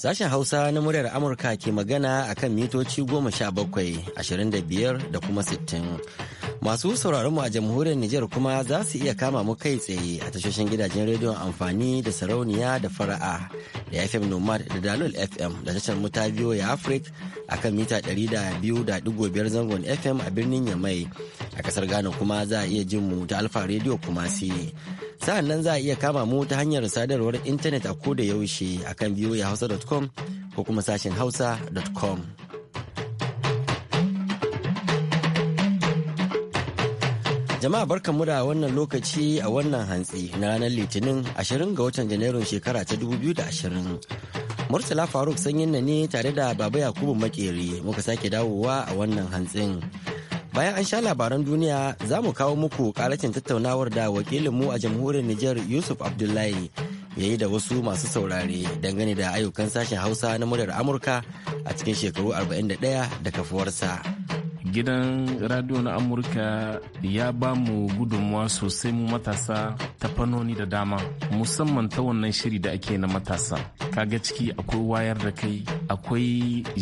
Sashen Hausa na muryar Amurka ke magana a kan mitoci goma sha bakwai ashirin da biyar da kuma sittin. Masu sauraron mu a jamhuriyar Nijar kuma za su iya kama mu kai tsaye a tashoshin gidajen rediyon amfani da sarauniya da fara'a da FM Nomad da Dalol FM da tashar muta biyo ya Afrik a kan mita 200.5 zangon FM a birnin Yamai. A kasar Ghana kuma za a iya jin mu ta Alfa Radio kuma si. Sa'an nan za a iya kama mu ta hanyar sadarwar intanet a koda yaushe a kan Hausa.com ko kuma sashen hausa.com. Jama'a barka mu da wannan lokaci a wannan hantsi na ranar Litinin 20 ga watan Janairun shekara ta 2020. Murtala Faruk sanyin na ne tare da Baba Yakubu Makeri muka sake dawowa a wannan hantsin. Bayan an sha labaran duniya za mu kawo muku karacin tattaunawar da wakilinmu a jamhuriyar Nijar Yusuf Abdullahi ya yi da wasu masu saurare dangane da ayyukan sashen Hausa na muryar Amurka a cikin shekaru 41 da kafuwarsa. gidan radio na amurka ya ba mu gudunmuwa sosai mu matasa ta fannoni da dama musamman ta wannan shiri da ake na matasa kaga ciki akwai wayar da kai akwai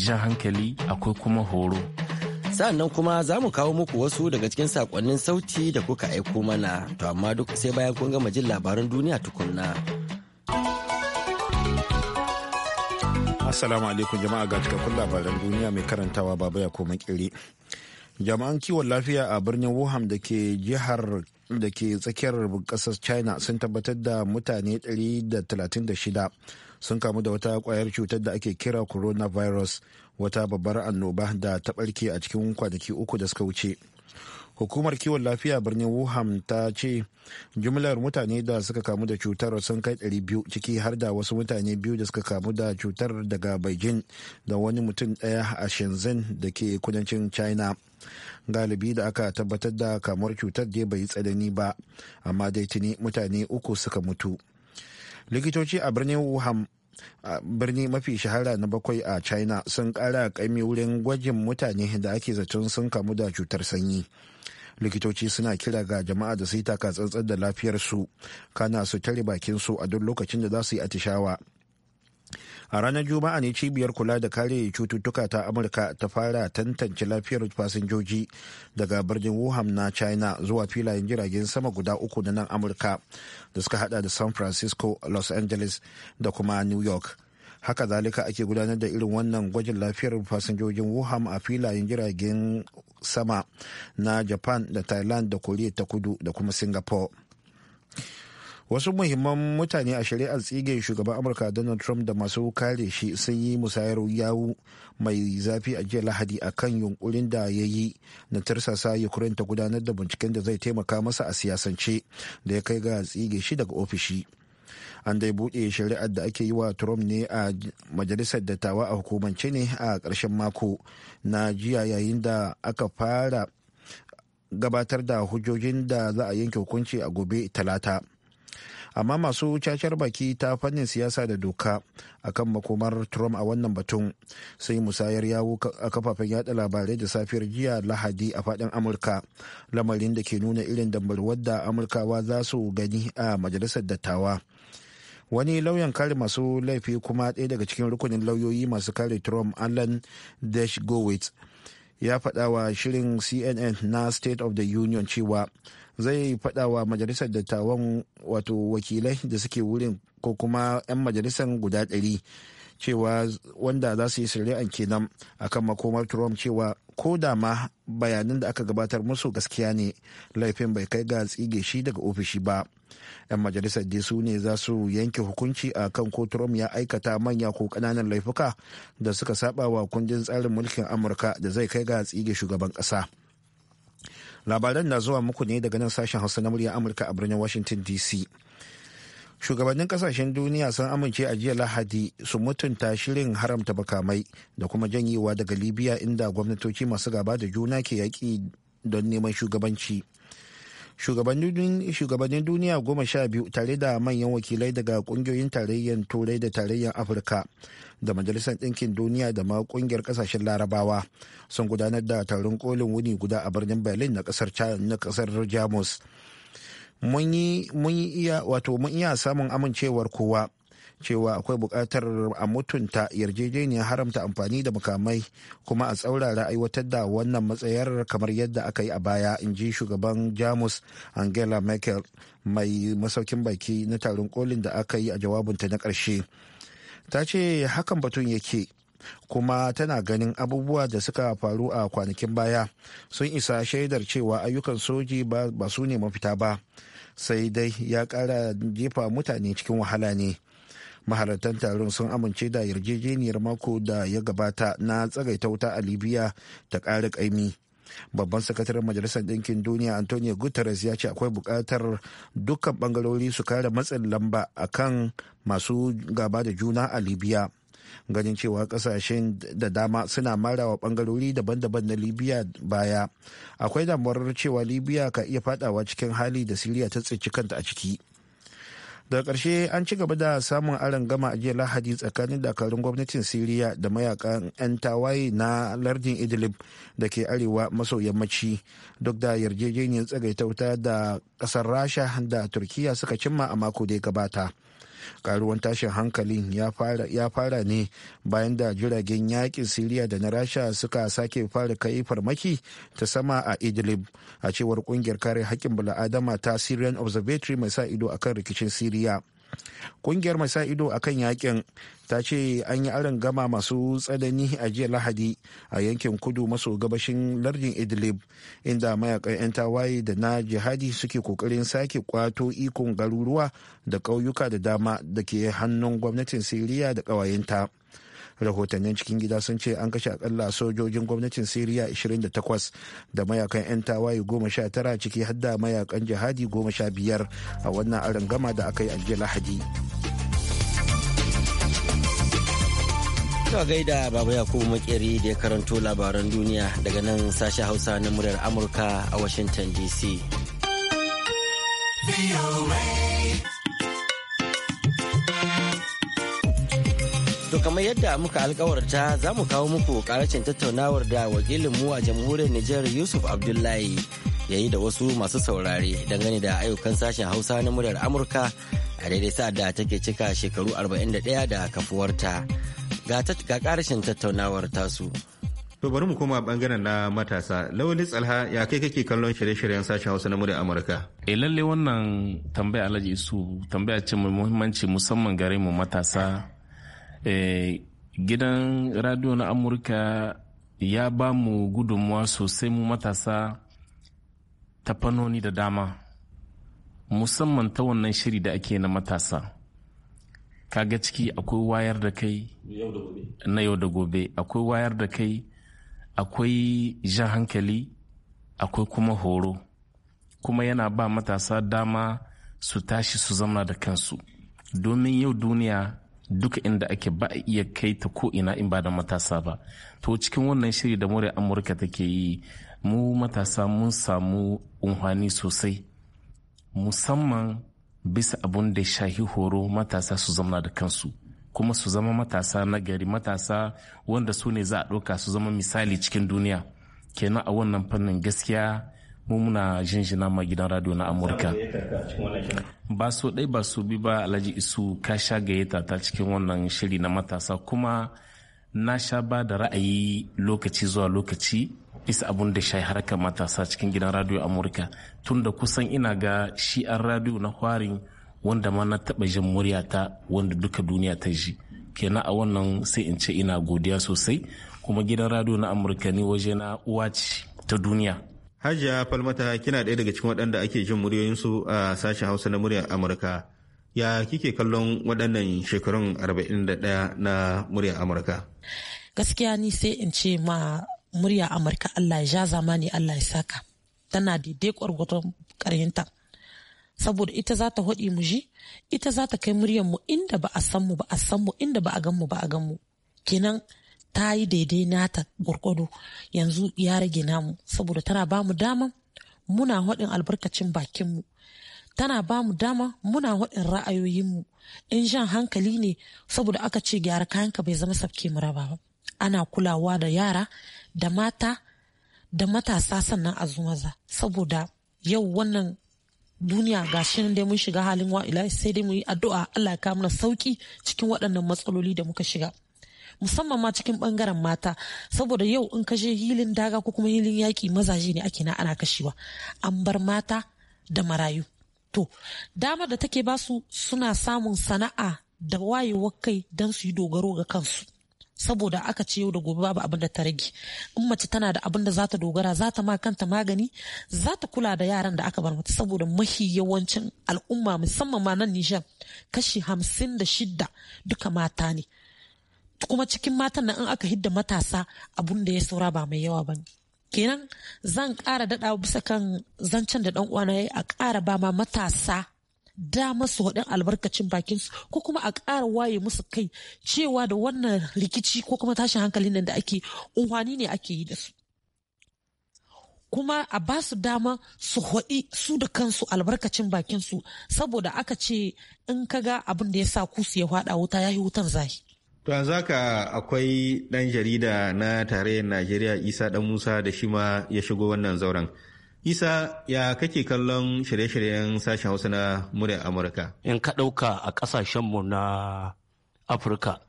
jan hankali akwai kuma horo sa'annan kuma za mu kawo muku wasu daga cikin sakonnin sauti da kuka aiko mana to amma duk sai bayan kun gama jin labaran duniya tukunna. Assalamu alaikum jama'a ga cikakkun labaran duniya mai karantawa baba ya koma kiri. Jama'an kiwon lafiya a birnin Wuhan da ke jihar da ke tsakiyar kasar China sun tabbatar da mutane 136 sun kamu da wata kwayar cutar da ake kira coronavirus wata babbar annoba da ta barke a cikin kwanaki uku da suka wuce. hukumar kiwon lafiya birnin wuhan ta ce jumlar mutane da suka kamu da cutar sun kai 200 ciki har da wasu mutane biyu da suka kamu da cutar daga beijing da wani mutum daya a shenzhen da ke kudancin china galibi da aka tabbatar da kamuwar cutar dai bai tsanani ba amma dai tuni mutane uku suka mutu likitoci a birnin wuhan birni mafi shahara na bakwai a china sun kara kaimi wurin gwajin mutane da ake zaton sun kamu da cutar sanyi likitoci suna kira ga jama'a da su yi taka da lafiyarsu kana su tare bakinsu a duk lokacin da za su yi atishawa a ranar juma'a ne cibiyar kula da kare cututtuka ta amurka ta fara tantance lafiyar fasinjoji daga birnin wuhan na china zuwa filayen jiragen sama guda uku na nan amurka da suka hada da san francisco los angeles da kuma new york haka zalika ake gudanar da irin wannan gwajin lafiyar fasinjojin wuhan a filayen jiragen sama na japan da thailand da korea ta kudu da kuma singapore wasu muhimman mutane a shari'ar tsige shugaban amurka donald trump da masu kare shi sun yi musayar yawu mai zafi a jiya lahadi a kan yunkurin da ya yi na tarsasa ukraine ta gudanar da binciken da zai taimaka masa a siyasance da ya kai ga tsige shi daga ofishi an dai buɗe shari'ar da ake yi wa trump ne a majalisar dattawa a hukumance ne a ƙarshen mako na jiya yayin da aka fara gabatar da hujjojin da za a yanke hukunci a gobe talata amma masu cacar baki ta fannin siyasa da doka akan makomar trump a wannan batun sai musayar yawo a kafafen yada labarai da safiyar jiya lahadi a fadin amurka lamarin da ke nuna irin dambarwar da amurkawa za su gani a majalisar dattawa wani lauyan kare masu laifi kuma ɗaya daga cikin rukunin lauyoyi masu kare trump allen dash ya faɗa wa shirin cnn na state of the union cewa zai faɗa wa majalisar dattawan wato wakilai da suke wurin ko kuma 'yan majalisar guda ɗari cewa wanda za su yi shari'an kenan akan makomar trump cewa ko da ma bayanan da aka gabatar musu gaskiya ne laifin bai kai ga tsige shi daga ofishi ba yan majalisar dai su ne za su yanke hukunci a kan ko trump ya aikata manya ko kananan laifuka da suka saba wa kundin tsarin mulkin amurka da zai kai ga tsige shugaban kasa labaran na zuwa muku ne daga nan sashen hausa na murya amurka a birnin washington dc shugabannin kasashen duniya sun amince a jiya lahadi su mutunta shirin haramta bakamai da kuma janyewa daga libya inda gwamnatoci masu gaba da juna ke yaƙi don neman shugabanci shugabannin duniya goma sha biyu tare da manyan wakilai daga kungiyoyin tarayyar turai da tarayyar afirka da majalisar ɗinkin duniya da ma kungiyar ƙasashen larabawa sun gudanar da taron kolin wuni guda a birnin berlin na ƙasar jamus mun yi iya samun amincewar kowa cewa akwai buƙatar a mutunta yarjejeniyar haramta amfani da makamai kuma a tsaurara aiwatar da wannan matsayar kamar yadda aka yi a baya in ji shugaban jamus angela merkel mai masaukin baki na taron kolin da aka yi a jawabinta na ƙarshe ta ce hakan batun yake kuma tana ganin abubuwa da suka faru a kwanakin baya sun isa shaidar cewa ayyukan soji ba su ne mafita ba sai dai ya kara jefa mutane cikin wahala ne mahalartan taron sun amince da yarjejeniyar mako da ya gabata na tsagaita wuta a libya ta ƙari ƙaimi babban sakataren majalisar ɗinkin duniya antonio guterres ya ce akwai buƙatar dukkan bangarori su kare matsin lamba akan masu gaba da juna a libya ganin cewa kasashen da dama suna marawa bangarori daban-daban na libya baya akwai damuwar cewa libya ka iya fadawa cikin hali da siriya ta tsinci kanta a ciki daga ƙarshe an ci gaba da samun aron gama a jiya lahadi tsakanin dakarun gwamnatin siriya da mayakan 'yan tawaye na lardin idlib da ke arewa maso yammaci duk da yarjejeniyar wuta da ƙasar rasha da turkiya suka cimma a mako da ya gabata karuwan tashin hankalin ya fara ne bayan da jiragen yakin siriya da na rasha suka sake fara kai farmaki ta sama a idlib a cewar kungiyar kare haƙƙin bala'adama ta syrian observatory mai sa ido akan rikicin siriya kungiyar sa ido a kan yakin ta ce an yi arin gama masu tsanani a jiya lahadi a yankin kudu maso gabashin lardin idlib inda mayakan 'yan tawaye da na jihadi suke kokarin sake kwato ikon garuruwa da ƙauyuka da dama da ke hannun gwamnatin siriya da ƙawayenta rahotannin cikin gida sun ce an kashe akalla sojojin gwamnatin siriya 28 da mayakan 'yan tawaye 19 ciki har da mayakan jihadi 15 a wannan arin gama da aka yi a jiya lahadi Ta gaida Baba Yakubu Makeri da ya karanto labaran duniya daga nan sashen Hausa na muryar Amurka a Washington DC. To kamar yadda muka alkawarta za mu kawo muku karacin tattaunawar da wakilinmu a jamhuriyar Nijar Yusuf Abdullahi ya yi da wasu masu saurare dangane da ayyukan sashen Hausa na muryar Amurka a daidai sa da take cika shekaru 41 da kafuwarta. Ga karashin tattaunawar tasu. To bari mu koma bangaren na matasa. Lawali Tsalha ya kai kake kallon shirye-shiryen sashen Hausa na muryar Amurka? e eh, lalle wannan tambaya Alhaji Isu tambaya ce mai muhimmanci musamman gare mu matasa Eh, gidan radio na amurka ya ba mu gudunmuwa sosai mu matasa ta fannoni da dama musamman ta wannan shiri da ake na matasa kaga ciki akwai wayar da kai na yau da gobe akwai wayar da kai akwai jan hankali akwai kuma horo kuma yana ba matasa dama su tashi su zama da kansu domin yau duniya duk inda ake ba a iya kai ta ko ina in ba da matasa ba to cikin wannan shiri da more amurka take yi mu matasa mun samu unhwani sosai musamman bisa abun da shahi horo matasa su zama da kansu kuma su zama matasa na gari matasa wanda su ne za a ɗauka su zama misali cikin duniya kenan a wannan fannin gaskiya mu muna jinjina ma gidan radio na amurka ba so ɗai ba su bi ba alhaji isu ka sha gayyata ta cikin wannan shiri na matasa kuma na sha ba da ra'ayi lokaci zuwa lokaci bisa abun da shai harkar matasa cikin gidan radio amurka tunda kusan ina ga shi an radio na kwarin wanda ma na taɓa jin muryata wanda duka duniya ta ji kenan a wannan sai in ce ina godiya sosai kuma gidan radio na amurka ne waje na uwa ce ta duniya Hajiya Falmata kina ɗaya daga cikin waɗanda ake jin muryoyinsu a sashen Hausa na muryar Amurka. Ya kike kallon waɗannan shekarun arba'in da 41 na muryar Amurka? Gaskiya ni sai in ce ma murya Amurka Allah ya ja zamani Allah ya saka. Tana daidai gwargwadon ƙaryinta. Saboda ita za ta haɗi mu ji, ita za ta kai muryar inda ba a san mu ba a san mu inda ba a gan mu ba a gan mu. Kenan ta yi daidai nata gwargwado yanzu ya rage namu saboda tana ba mu dama muna haɗin albarkacin bakinmu tana ba mu dama muna haɗin ra'ayoyinmu in jan hankali ne saboda aka ce gyara kayanka bai zama sabke mu raba ba ana kulawa da yara da mata da matasa sannan a maza saboda yau wannan duniya ga shi dai mun shiga halin wa'ila sai dai mu yi addu'a Allah ya kawo mana sauki cikin waɗannan matsaloli da muka shiga musamman ma cikin bangaren mata saboda yau in ka je hilin daga ko kuma hilin yaƙi mazaje ne ake na ana kashewa an bar mata da marayu to dama da take basu suna samun sana'a da wayewar kai don su yi dogaro ga kansu saboda aka ce yau da gobe babu abin da ta rage in mace tana da abin da za ta dogara za ta ma kanta magani za ta kula da yaran da aka bar mata saboda mahi yawancin al'umma musamman ma nan nijar kashi hamsin da shidda duka mata ne kuma cikin matan nan in aka hidda matasa abun da ya saura ba mai yawa bane kenan zan kara daɗa bisa kan zancen da uwana ya a ƙara ba ma matasa dama su waɗin albarkacin bakinsu ko kuma a ƙara waye musu kai cewa da wannan rikici ko kuma tashin hankalin nan da ake unhwani ne ake yi da su kuma a ba su dama su haɗi su da kansu albarkacin bakinsu saboda aka ce in kaga abin da ya sa kusu ya faɗa wuta ya yi wutan zahi To yanzu haka akwai ɗan jarida na tarayyar Najeriya Isa ɗan Musa da shi ma ya shigo wannan zauren. Isa ya kake kallon shirye-shiryen sashen Hausa na muryar Amurka? In ka ɗauka a ƙasashenmu na Afirka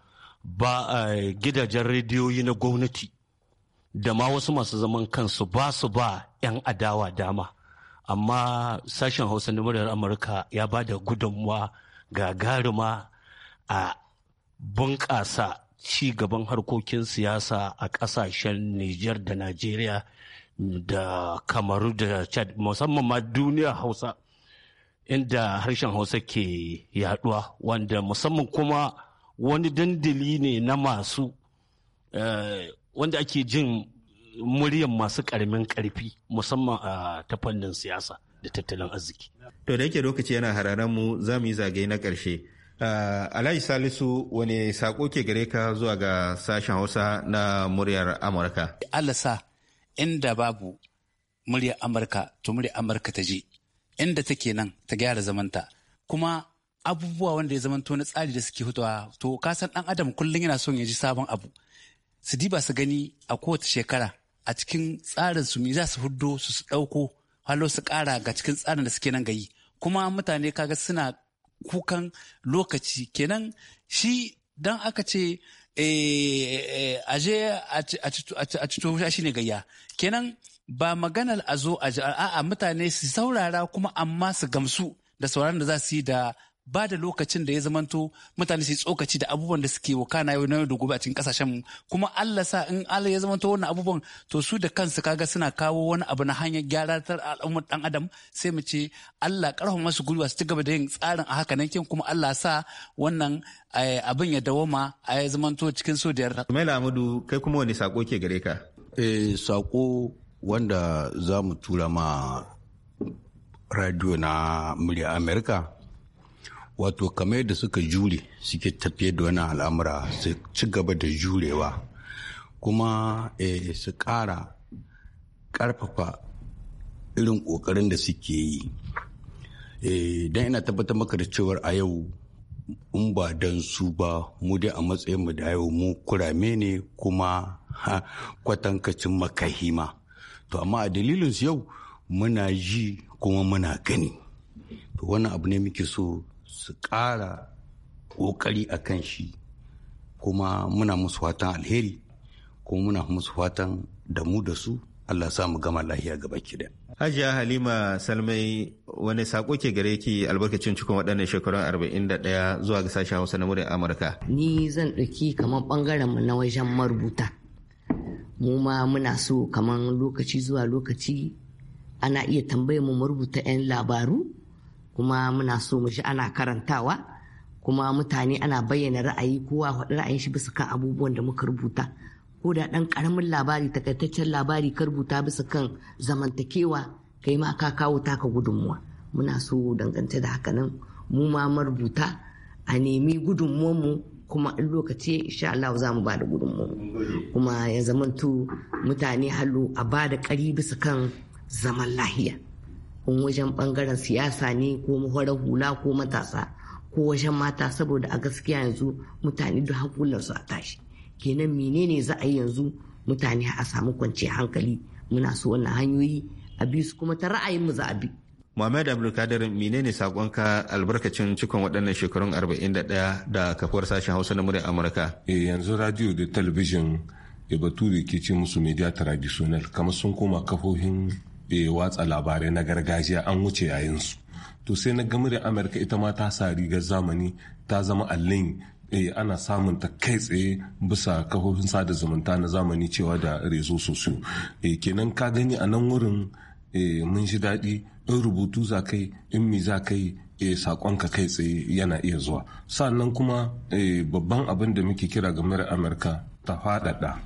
ba a eh, gidajen rediyoyi na gwamnati da ma wasu masu zaman kansu ba su ba 'yan adawa dama. Amma sashen Hausa na muryar Amurka ya ba da gudunmuwa gagaruma a bunƙasa ci gaban harkokin siyasa a ƙasashen Nijar da Najeriya da Kamaru da Chad musamman ma duniya Hausa inda harshen Hausa ke yaduwa wanda musamman kuma wani dandali ne na masu eh, wanda ake jin muryan masu ƙaramin ƙarfi musamman a ta fannin siyasa da tattalin arziki. To da yake lokaci yana hararen mu za mu yi zagaye na ƙarshe. Eh, Alhaji Salisu wani sako ke gare ka zuwa ga sashen Hausa na muryar Amurka? Allah sa inda babu muryar Amurka to muryar Amurka ta je inda take nan ta gyara zamanta kuma abubuwa wanda ya zamanto na tsari da suke hutawa to kasan dan adam kullum yana son ya ji sabon abu su diba su gani a kowace shekara a cikin tsarin su me za su huddo su dauko halo su kara ga cikin tsarin da suke nan gayi kuma mutane kaga suna kukan lokaci kenan shi dan aka ce eh, eh, aje a cito wuta ne gayya kenan ba maganar a zo a a'a mutane su saurara kuma amma su gamsu da sauran da za su yi da ba da lokacin da ya zamanto mutane su tsokaci da abubuwan da suke wuka na yau da gobe a cikin kasashen kuma Allah sa in Allah ya zamanto wannan abubuwan to su da kansu kaga suna kawo wani abu na hanyar gyara ta al'ummar dan adam sai mu ce Allah karfafa masu gwiwa su ci gaba da yin tsarin a haka nan kuma Allah sa wannan eh, abin ya dawoma a ya zamanto cikin so da yarda. Maila Amadu kai kuma wani sako ke gare ka? Eh sako wanda za mu tura ma radio na murya Amerika wato kamar da suka jure suke tafiye da wani al'amura su ci gaba da jurewa kuma eh, su ƙara ƙarfafa irin ƙoƙarin da suke yi eh, don ina tabbatar maka da cewar a yau in ba don su ba mu dai a matsayin mu da yau mu kurame ne kuma kwatankacin makahima to amma a dalilin su yau muna ji kuma muna gani to wannan abu ne muke so su ƙara ƙoƙari a kan shi kuma muna musu fatan alheri kuma muna musu fatan da mu da su Allah sa mu gama lahiya gaba kida. Hajiya Halima Salmai wani sako ke gare ki albarkacin cikin waɗannan shekarun 41 zuwa ga sashen Hausa na muryar Amurka. Ni zan ɗauki kamar ɓangaren mu na wajen marubuta. Mu ma muna so kamar lokaci zuwa lokaci ana iya tambayar mu marubuta 'yan labaru kuma muna so mu shi ana karantawa kuma mutane ana bayyana ra'ayi kowa faɗi ra'ayin shi bisa kan abubuwan da muka rubuta ko da ɗan ƙaramin labari takaitaccen labari ka rubuta bisa kan zamantakewa kai ma ka kawo taka gudunmuwa muna so dangance da haka nan mu ma marubuta a nemi mu kuma in lokaci insha Allah za mu ba da gudunmuwa kuma ya zamanto mutane halu a ba da ƙari bisa kan zaman lahiya in wajen bangaren siyasa ne ko mahorar hula ko matasa ko wajen mata saboda a gaskiya yanzu mutane da hankulansu a tashi kenan menene za a yi yanzu mutane a samu kwanciyar hankali muna so wannan hanyoyi a bi su kuma ta ra'ayin mu za a bi Muhammad Abdulkadir menene sakonka albarkacin cikon waɗannan shekarun 41 da kafuwar sashen Hausa na muryar Amurka? Eh, yanzu radio da talabijin da ke ce musu media traditional kamar sun koma kafofin watsa labarai na gargajiya an wuce yayinsu to sai na gamar amurka ita ma ta sa rigar zamani ta zama allin eh, ana samun ta kai tsaye bisa kafofin sada zumunta na zamani cewa da rezo sosai eh, kenan ka gani a nan wurin eh, mun shi daɗi in rubutu za kai in mi za kai e, sakonka kai tsaye yana iya zuwa sannan kuma babban abin da muke kira ga amurka ta faɗaɗa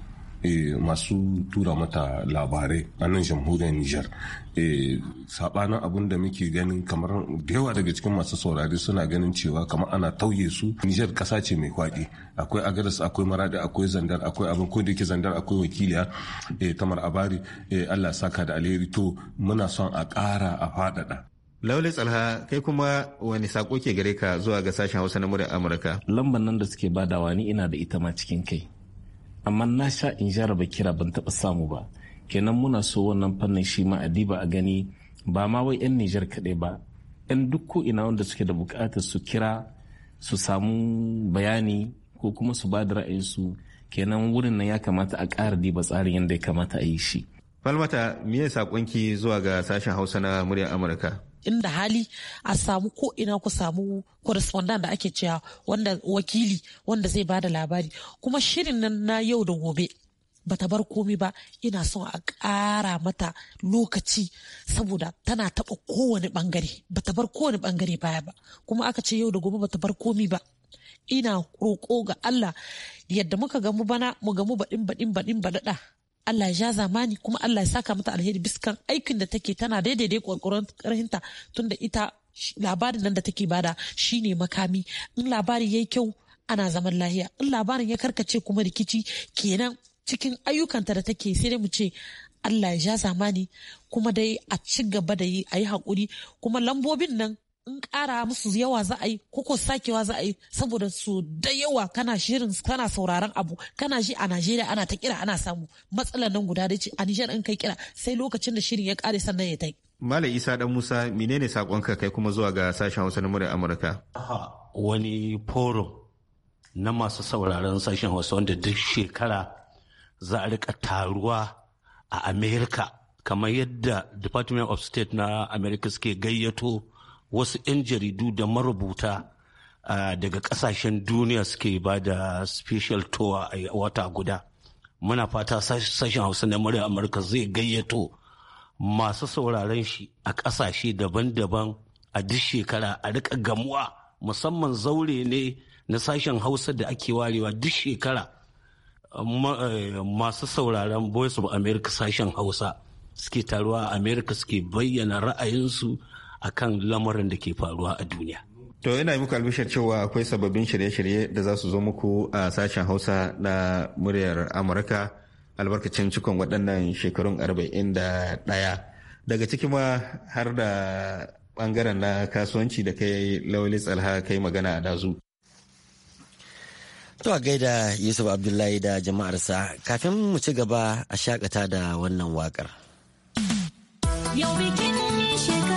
Eh, masu tura mata labarai a nan jamhuriyar Nijar. Eh, sabanin abin da muke ganin kamar da yawa daga cikin masu saurari suna ganin cewa kamar ana tauye su Nijar kasa ce mai kwaɗi akwai agaris akwai maradi akwai zandar akwai abin ko da yake zandar akwai wakiliya eh, tamar abari Allah saka da alheri to muna son a ƙara a faɗaɗa Laule Tsalha kai kuma wani sako ke gare ka zuwa ga sashen Hausa na murya Amurka. Lamban nan da suke badawa ni ina da ita ma cikin kai. amma na sha in jaraba kira ban taɓa samu ba kenan muna so wannan fannin shi ma a diba a gani ba ma wai 'yan nijar kaɗai ba 'yan duk ko ina wanda suke da buƙatar su kira su samu bayani ko kuma su ba da ra'ayinsu kenan wurin nan ya kamata a ƙara diba tsarin yadda ya kamata a yi shi. falmata me saƙonki zuwa ga sashen hausa na muryar amurka inda hali a samu ko ina ku samu correspondent da ake cewa wanda wakili wanda zai bada labari kuma shirin nan na yau da gobe ba ta bar komi ba ina son a ƙara mata lokaci saboda tana taɓa kowane ɓangare ta bar kowane ɓangare baya ba kuma aka ce yau da gobe ba ta bar komi ba ina roƙo ga Allah yadda muka gamu bana mu gamu baɗin baɗin baɗin baɗaɗa Allah ya zamani kuma Allah ya saka mata alheri biskan aikin da take tana daidai da kwarkwaron karhinta tunda ita labarin nan da take bada shine makami in labari yayi kyau ana zaman lahiya in labarin ya karkace kuma rikici kenan cikin ayyukanta da take sai dai mu ce Allah ya ja zamani kuma dai a ci gaba da yi a yi hakuri kuma lambobin nan in ƙara musu yawa za a yi koko sakewa za a yi saboda su da yawa kana shirin kana sauraron abu kana shi a Najeriya ana ta kira ana samu matsalar nan guda da ce a Nijar in kai kira sai lokacin da shirin ya ƙare sannan ya tai. Malam Isa dan Musa menene sakonka kai kuma zuwa ga sashen Hausa na muryar Amurka? wani forum na masu sauraron sashen Hausa wanda duk shekara za a rika taruwa a Amerika kamar yadda Department of State na America suke gayyato wasu 'yan jaridu da marubuta daga kasashen duniya suke ba da special tour a wata guda muna fata sashen hausa na murya amurka zai gayyato masu sauraren shi a kasashe daban-daban a duk shekara a rika gamuwa musamman zaure ne na sashen hausa da ake warewa duk shekara eh, masu sauraren voice of america sashen hausa suke taruwa a america suke bayyana ra'ayinsu a kan lamarin da ke faruwa a duniya. To yana muku albishar cewa akwai sababbin shirye-shirye da za su zo muku a sashen Hausa na muryar Amurka albarkacin cikon waɗannan shekarun arba'in da ɗaya daga ciki ma har da ɓangaren na kasuwanci da kai launin Tsalha kai magana a dazu. To a gaida Yusuf Abdullahi da jama'arsa kafin mu ci gaba a shakata da wannan waƙar Yau bikin shekaru.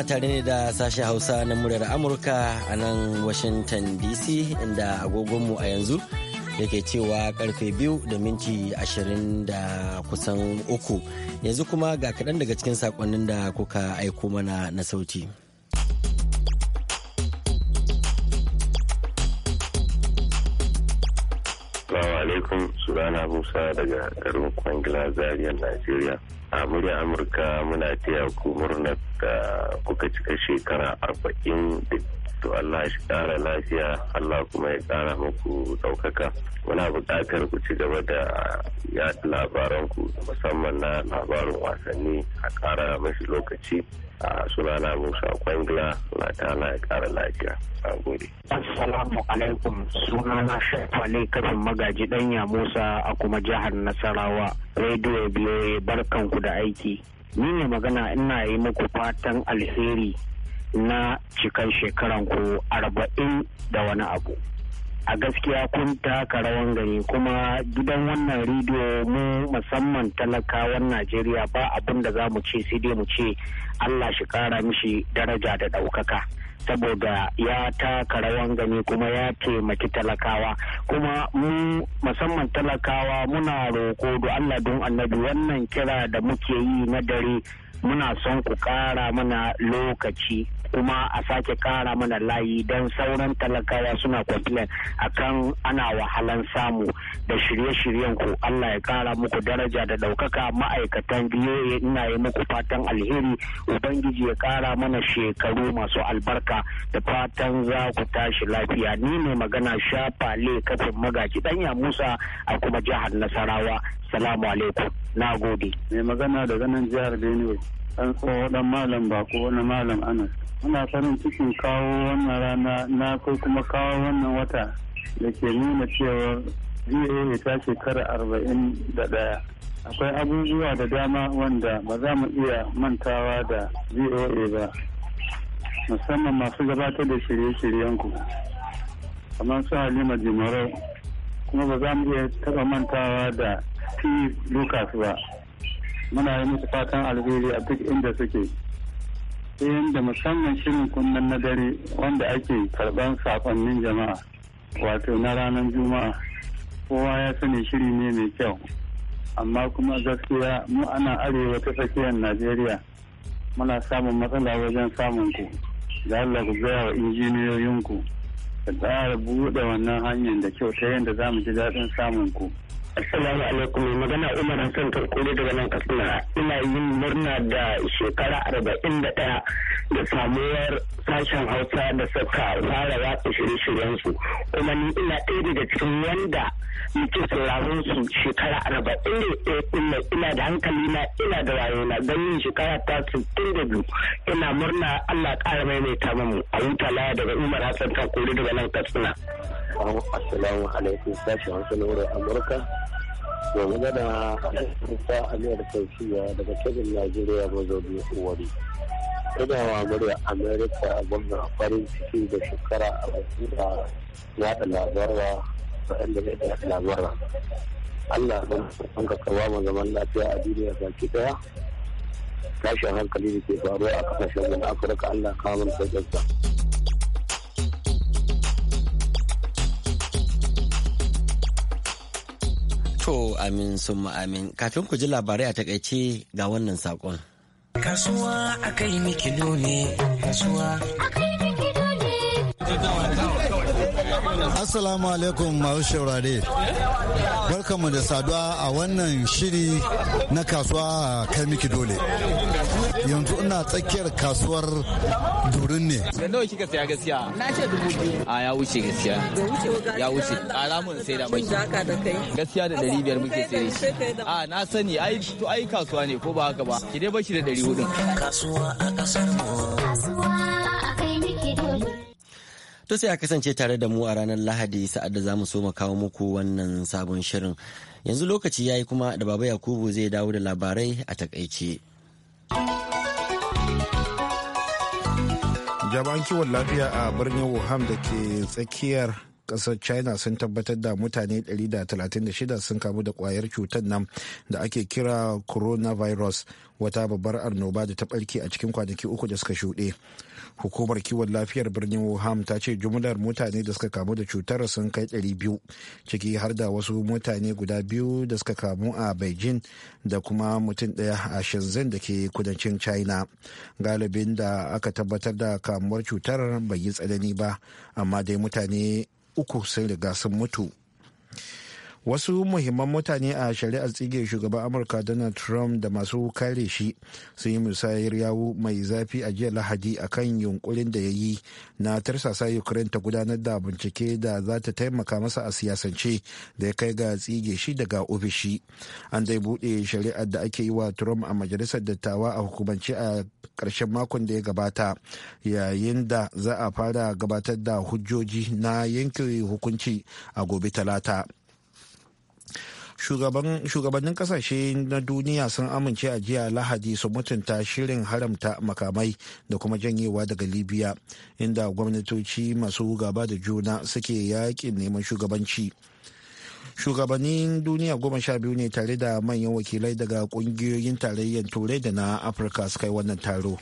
kuna tare ne da sashen hausa na muryar amurka a nan washington dc inda agogonmu a yanzu yake cewa karfe biyu da minti ashirin da kusan uku yanzu kuma ga kaɗan daga cikin sakonnin da kuka aiko mana na sauti Assalamu alaikum, Surana Musa daga garin Kwangila zariya Najeriya. a muryar amurka muna taya ku murnar da kuka cika shekara arba'in da to Allah shi kara lafiya Allah kuma ya kara muku ɗaukaka muna buƙatar ku ci gaba da labaranku musamman na labarin wasanni a kara mashi lokaci a sunana musa kwangila na tana ya kara lafiya a gode. assalamu alaikum sunana shafale kafin magaji danya musa a kuma jihar nasarawa rediyo biyoyi ku da aiki ni ne magana ina yi muku fatan alheri na cikan shekaran ku arba'in da wani abu a gaskiya kun taka rawan gani kuma gidan wannan rediyo mu musamman talakawan najeriya ba abin da za mu ce sai dai mu ce allah shi kara mishi daraja da ɗaukaka saboda ya taka rawan gani kuma ya taimaki talakawa kuma mu musamman talakawa muna roko da allah don annabi wannan kira da muke yi na dare muna son ku kara mana lokaci kuma a sake kara mana layi don sauran talakawa suna a kan ana wahalan samu da shirye-shiryen ku Allah ya kara muku daraja da ɗaukaka ma'aikatan biyu ina yi muku fatan alheri ubangiji ya kara mana shekaru masu albarka da fatan za ku tashi lafiya ni ne magana shafa le kafin magaji danya musa a kuma jihar nasarawa salamu alaikum na gode mai magana daga nan jihar benue an tsawo ɗan malam ko na malam anas muna farin cikin kawo wannan rana na kai kuma kawo wannan wata da ke nuna cewa voa ta shekara arba'in da ɗaya akwai abubuwa da dama wanda ba za mu iya mantawa da voa ba musamman masu gabatar da shirye-shiryenku kamar su halima jimarau kuma ba za mu iya taɓa mantawa da steve lucas ba muna yi musu fatan alheri a duk inda suke da musamman shirin kunnen na dare wanda ake karban sakonnin jama'a wato na ranar juma'a kowa ya sani shiri ne mai kyau amma kuma gaskiya mu ana arewa ta tsakiyar najeriya muna samun matsala wajen samun ku da allah ku gaya wa injiniyoyinku da tsara buɗe wannan hanyar da kyau ta yadda za mu ji daɗin samun ku Assalamu alaikum mai magana Umar Hassan Tarkore daga nan Katsina. Ina yin murna da shekara arba'in da ɗaya da samuwar sashen Hausa da suka fara watsa shirye-shiryensu. Kuma ni ina ɗaya daga cikin wanda muke sauraron su shekara arba'in da ɗaya ina da hankali na ina da rayuwa don yin shekara ta sittin da biyu. Ina murna Allah ƙara maimaita mu a huta laya daga Umar Hassan Tarkore daga nan Katsina. Assalamu alaikum sashen wasu lauran Amurka. Mai magana Musa Amir Sauciya daga Kebin Najeriya mazauni Uwari. Ina wa murya Amerika gwamna farin ciki da shekara a wasu da yaɗa labarwa waɗanda ya yaɗa labarwa. Allah ban san ka kawo ma zaman lafiya a duniya baki daya. Tashin hankali da ke faruwa a kasashen Afirka Allah kawo mana sauƙinsa. To amin sun amin kafin ku ji labarai a takaice ga wannan saƙon. Kasuwa akai mikido ne, kasuwa akai mikido ne. Assalamu alaikum masu shaurare. Barkanmu da saduwa a wannan shiri na kasuwa a kai miki dole. yanzu ina tsakiyar kasuwar durin ne da nawa kika saya gaskiya na ce dubu biyu a ya wuce gaskiya ya wuce alamun sai da mai gaskiya da dari biyar muke sai shi a na sani ai to ai kasuwa ne ko ba haka ba ki dai bashi da dari hudu kasuwa a kasar mu kasuwa To sai a kasance tare da mu a ranar Lahadi sa'ad da za mu so mu kawo muku wannan sabon shirin. Yanzu lokaci ya yi kuma da Baba Yakubu zai dawo da labarai a takaice. jami'an kiwon lafiya a birnin wuhan da ke tsakiyar kasar china sun tabbatar da mutane 136 sun kamu da kwayar cutar nan da ake kira coronavirus wata babbar annoba da ta barke a cikin kwanaki uku da suka shuɗe hukumar kiwon lafiyar birnin wuhan ta ce jumlar mutane da suka kamu da cutar sun kai 200 ciki har da wasu mutane guda biyu da suka kamu a beijing da kuma mutum daya a shenzhen da ke kudancin china galibin da aka tabbatar da kamuwar cutar bai yi tsanani ba amma dai mutane uku sun riga sun mutu wasu muhimman mutane a shari'ar tsige shugaban amurka donald trump da masu kare shi sun yi musayar yawo mai zafi a jiya lahadi kan yunkurin da ya yi na tarsasa ukraine ta gudanar da bincike da za ta taimaka masa a siyasance da ya kai ga tsige shi daga ofishi an dai buɗe shari'ar da ake yi wa trump a majalisar dattawa a hukumance a karshen makon da ya gabata yayin da za a fara gabatar da hujjoji na yanke hukunci a gobe talata shugabannin kasashe na duniya sun amince a jiya lahadi su mutunta shirin haramta makamai da kuma janyewa daga libya inda gwamnatoci masu gaba da juna suke yakin neman shugabanci shugabannin duniya goma sha biyu ne tare da manyan wakilai daga kungiyoyin tarayyar turai da na afirka suka yi wannan taro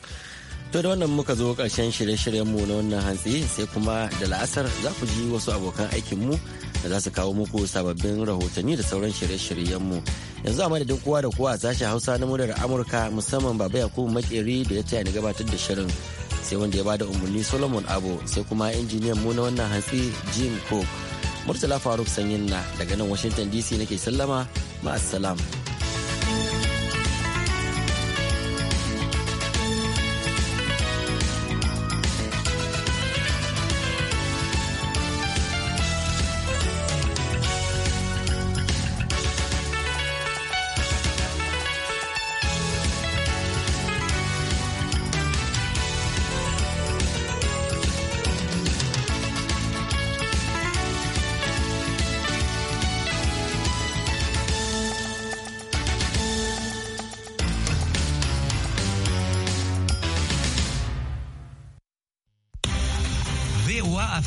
To da wannan muka zo ƙarshen shirye-shiryenmu na wannan hantsi sai kuma da la'asar za ku ji wasu abokan aikinmu da za su kawo muku sababbin rahotanni da sauran shirye-shiryenmu. Yanzu a madadin kowa da kowa a sashen Hausa na muryar Amurka musamman Baba Yakubu Makeri da ya taya ni gabatar da shirin. Sai wanda ya bada umarni Solomon Abo sai kuma injiniyan mu na wannan hantsi Jim Cook. Murtala Faruk Sanyin na daga nan Washington DC nake sallama salam.